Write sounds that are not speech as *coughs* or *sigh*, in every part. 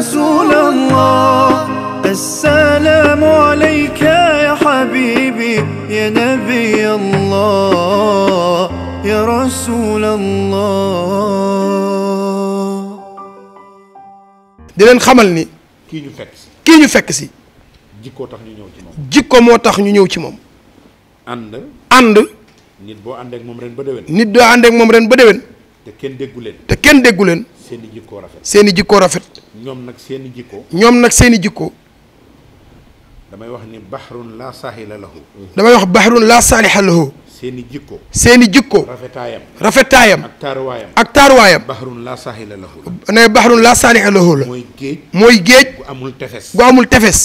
رسول الله السلام عليك يا حبيبي يا نبي الله يا رسول الله دي لن خملني كي نيو فك كي نيو فك سي جيكو تاخ ني نيو سي موم جيكو مو تاخ ني نيو سي موم اند اند نيت بو اندك موم رين با ديوين نيت دو اندك موم رين با ديوين te ken deggulen te ken deggulen seen i jikko rafet. seen i jikko rafet. ñoom nag seen i jikko. ñoom nag seen i jikko. damay wax ni baxrun laa saahila lahu. damay wax baxrun laa saaliha lahu. seen i jikko. seen i jikko. rafetaayam. rafetaayam. ak taaruwaayam. ak taaruwaayam. baxrun laa saahila lahu. ne baxrun laa saaliha lahu la. mooy géej. mooy géej. gu amul tefes. gu amul tefes.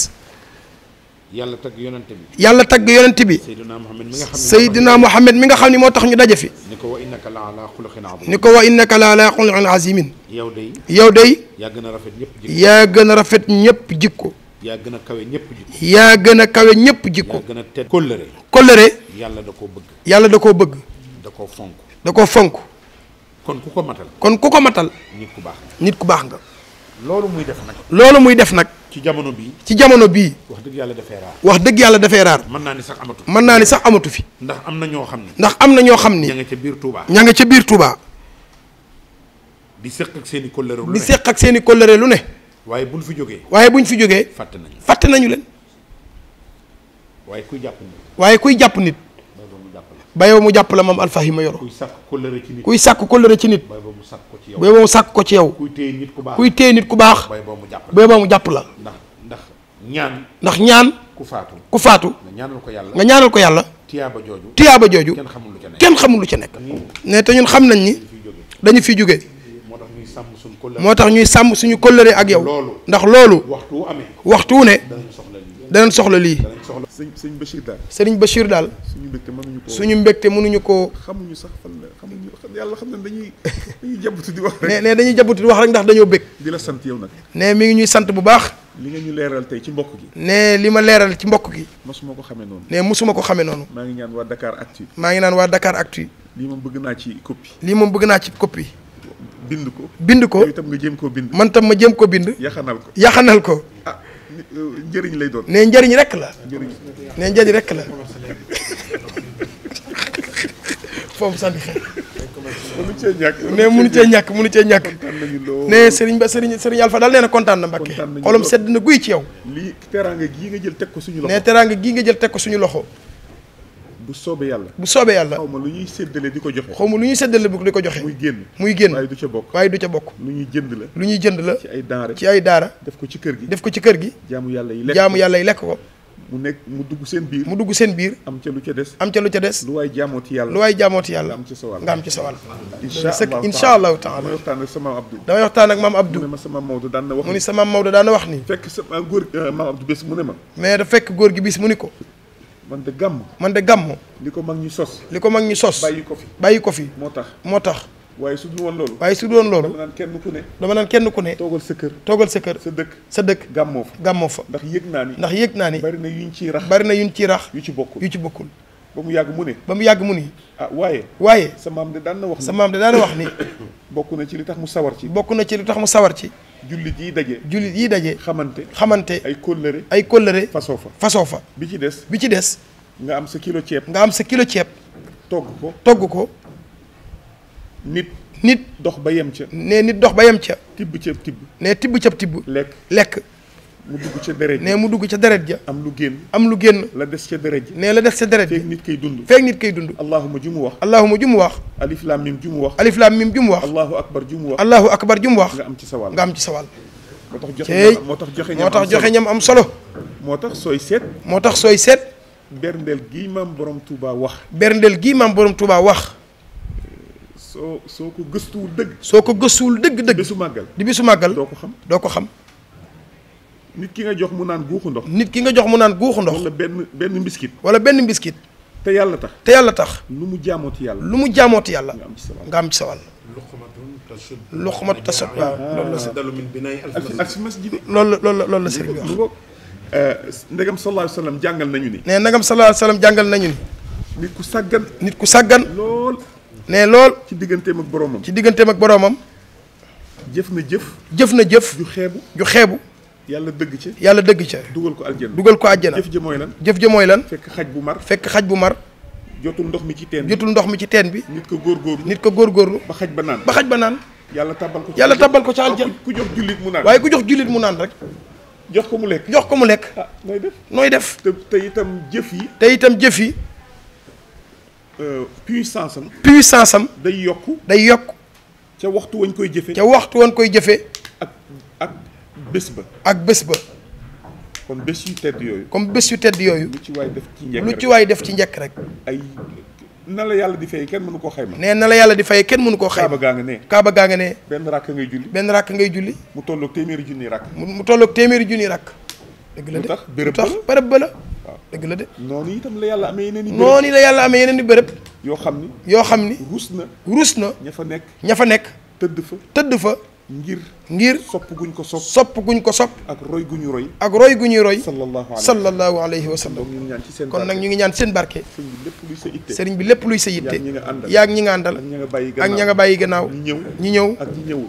yàlla tagg yonent bi. yàlla tagg yonent bi. Seydina Mohamed mi nga xam ne Seydina Mohamed mi nga xam ne moo tax ñu daje fi. ni ko wa innaka la ala xuluqin azimin. ni ko wa innaka la ala xuluqin azimin. yaw day yow day yaa gën a rafet ñëpp jikko yaa gën a rafet ñëpp jikko yaa gën a kawe ñëpp jikko yaa gën a kawe ñëpp jikko yaa gën a tedd kóllëre kóllëre yàlla da koo bëgg yàlla da koo bëgg da koo fonk da koo fonk kon ku ko matal kon ku ko matal nit ku baax nit ku baax nga loolu muy def nag loolu muy def nag ci jamono bii ci jamono bii wax dëgg yàlla dafee raar wax dëgg yàlla dafee raar mën naa ni sax amatu mën naa ni sax amatu fi ndax am na ñoo xam ne ndax am na ñoo xam ni ña nga ca biir Touba ña nga ca biir Touba di seq ak seeni kóllëre lu ne seeni kóllëre lu ne. waaye buñ fi jógee. waaye buñ fi jógee. fàtte nañu fàtte nañu leen. waaye kuy jàpp nit. waaye kuy jàpp nit. ba yow mu jàpp la moom alfahima yoro kuy sàkk kóllëre ci nit kuy sàkk kóllëre ci nit. ba yow mu sàkk ko ci yow ba yow sàkk ko ci yow. kuy téye nit ku baax kuy téye ku baax. ba mu jàpp la ba mu jàpp la. ndax ndax ñaan. ndax ñaan. ku faatu ku faatu. nga ñaanal ko yàlla nga ñaanal ko yàlla. tiyaaba jooju tiyaaba jooju. kenn xamul lu ca nekk xamul lu ca nekk. ne te ñun xam nañ ni dañu fi jóge moo tax ñuy sàmm suñu kóllëre ak yow ndax loolu waxtu wu ne danañ soxla lii sëriñ Bachir daal sëriñ Bachir daal suñu mbégte mënuñu ko suñu mbégte mënuñu ko xamuñu sax fan xamuñu yàlla xam ne dañuy dañuy jabatu di wax rek *laughs* ne dañuy jabatu ndax dañoo bég di la sant yow nag ne mi ngi ñuy sant bu baax li nga ñu leeral tey ci mbokk gi ne li ma leeral ci mbokk gi mosuma ko xamee noonu ne mosuma ko xamee noonu maa ngi ñaan waa Dakar Actu maa ngi naan waa Dakar Actu lii moom bëgg naa ci lii moom bëgg naa ci copie bind ko bind ko itam nga jéem koo bind man tam ma jéem ko bind yaxanal ko yaxanal ko ah, euh, njëriñ lay doon ne njëriñ rek la ne njëriñ rek la foofu sànni xel mënu cee ñàkk ne mënu cee ñàkk mënu cee ñàkk ne Serigne ba Serigne Serigne Alpha daal nee na kontaan na Mbàkke xolam sedd na guy ci yow lii teraanga gii nga jël teg ko suñu loxo ne teraanga gii nga jël teg ko suñu loxo bu soobee yàlla bu soobee yàlla xaw ma lu ñuy séddale di ko joxe xaw ma lu ñuy séddale di ko joxe muy génn muy génn waaye du ca bokk waaye du ca bokk lu ñuy jënd la lu ñuy jënd la ci ay daara ci ay daara def ko ci kër gi def ko ci kër gi jaamu yàlla yi lekk jaamu yàlla yi lekk ko mu nekk mu dugg seen biir mu dugg seen biir am ca lu ca des am ca lu ca des waay jaamooti yàlla lu waay jaamooti yàlla am ci sa wàll nga am ci sa wàll incha allahu taala damay waxtaan ak sa maam Abdou maam Abdou mu ma sa maam Maodo daan ni sa maam Maodo daan wax ni fekk sa maam góor euh, maam Abdou bés mu ne ma mais da fekk góor gi bis mu ni ko man de gàmm. man de gàmm. li ko mag ñu sos. li ko mag ñu sos. bàyyi ko fi bàyyi ko fi. moo tax moo tax. waaye su dul woon loolu. waaye su dul woon loolu. dama naan kenn ku ne. dama naan kenn ku ne. toogal sa kër. toogal sa kër. sa dëkk sa dëkk. gàmmoo fa gàmmoo fa. ndax yëg naa ni. ndax yëg naa ni. bari na yu yuñ ci rax. bari na yuñ ciy rax. yu ci bokkul yu ci bokkul. ba mu yàgg mu ne. ba mu yàgg mu nii ah waaye. waaye sa maam de daan na wax. sa maam de daan wax ni. *coughs* bokk na ci li tax mu sawar ci. bokk na ci li tax mu sawar ci. jullit yi daje. jullit yi daje. xamante xamante. ay kóllëre ay kóllëre. fasoo fa fasoo fa. bi ci des. bi ci des. nga am sa kilo ceeb. nga am sa kilo ceeb. togg ko togg ko. nit. nit dox ba yem ca. ne nit dox ba yem ca. tibb ceeb tibb. ne tibb ceeb tibb. lekk lekk. mu dugg ca deret ne mu dugg ca deret ja am lu am lu génn la des ca deret ja ne la des ca deret ja feeg nit koy dund feeg nit koy dund wax wax alif lam mim ju wax alif lam mim ju wax allahu akbar ju wax allahu akbar ju mu wax nga am ci sa wàll nga am ci sa wàll joxe moo joxe joxe ñam am solo moo tax sooy seet moo tax sooy seet berndeel borom Touba wax berndeel gii maam borom Touba wax soo soo bisu di bisu màggal doo ko xam ko xam nit ki nga jox mu naan guuxu ndox. nit ki nga jox mu naan guuxu ndox. wala benn benn mbiskit. wala benn mbiskit. te yàlla tax te yàlla tax. lu mu jaamooti yàlla. lu mu jaamooti yàlla. nga am ci sa wàll. luqmatun tasud waaw loolu la. afdalu min binaa'i alfi masjid. loolu loolu loolu la sëriñ bi wax. Euh, ndegam sallallahu alayhi jàngal nañu ni. nee ndegam sallallahu alayhi jàngal nañu nit ku sàggan. nit ku sàggan. lool. nee lool. ci digganteem ak boromam. ci digganteem ak boromam. jëf na jëf. jëf na jëf. ju xeebu ju xeebu. yàlla dëgg ca yàlla dëgg ca. dugal ko aljana dugal ko aljana. jëf ja mooy lan jëf ja mooy lan. fekk xaj bu mar fekk xaj bu mar. jotul ndox mi ci teen bi jotul ndox mi ci teen bi. nit ko góorgóorlu nit ko góorgóorlu. ba xaj ba naan ba xaj ba naan. yàlla tabal ko yàlla tabal ko ca aljana ku jox jullit mu naan waaye ku jox jullit mu naan rek. jox ko mu lekk jox ko mu lekk. ah nooy def nooy def. te te itam jëf yi. te itam jëf yi. Euh, puissance am. puissance am. day yokk day yokk. ca waxtu wañ koy jëfee. ca waxtu wañ koy jëfee. ak bés ba ak bés ba. kon bés yooyu. comme bés yu tedd yooyu. lu ci waay def ci njëkk rek ci waay def ci njëkk rek. ay na la yàlla di fay kenn mënu koo xayma. nee na la yàlla di fay kenn mënu koo xayma. Kaaba gaa nga ne. Kaaba gaa nga ne. benn rakk ngay julli. benn rakk ngay julli. mu tolloog téeméeri junni rakk. mu tollook téeméeri junni rakk. dégg la de tax bërëb ba la lu tax bërëb ba la. waaw dëgg la de. noonu itam la yàlla amee yeneen i bërëb noonu la yàlla amee yeneen bërëb. yoo xam ni. yoo xam ni. rus na rus na. ña fa nekk ña fa nekk. tëdd fa tëdd fa ngir ngir sopp guñ ko sopp sopp ko sopp ak roy gu ñu roy ak roy gu ñuy roy sallallahu alayhi wa sallam kon nag ñu ngi ñaan seen barke sëriñ bi lépp luy sa yitte yaag ñi nga àndal ak ña nga bàyyi gannaaw ñi ñëw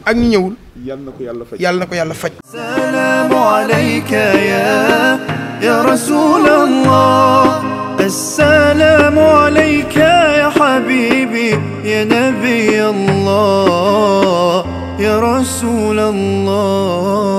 ak ñi ñëwul yàlla na ko yàlla faj yàlla na ko yàlla faj salaamu alayka ya rasulallah السلام عليك يا حبيبي يا نبي الله يا رسول الله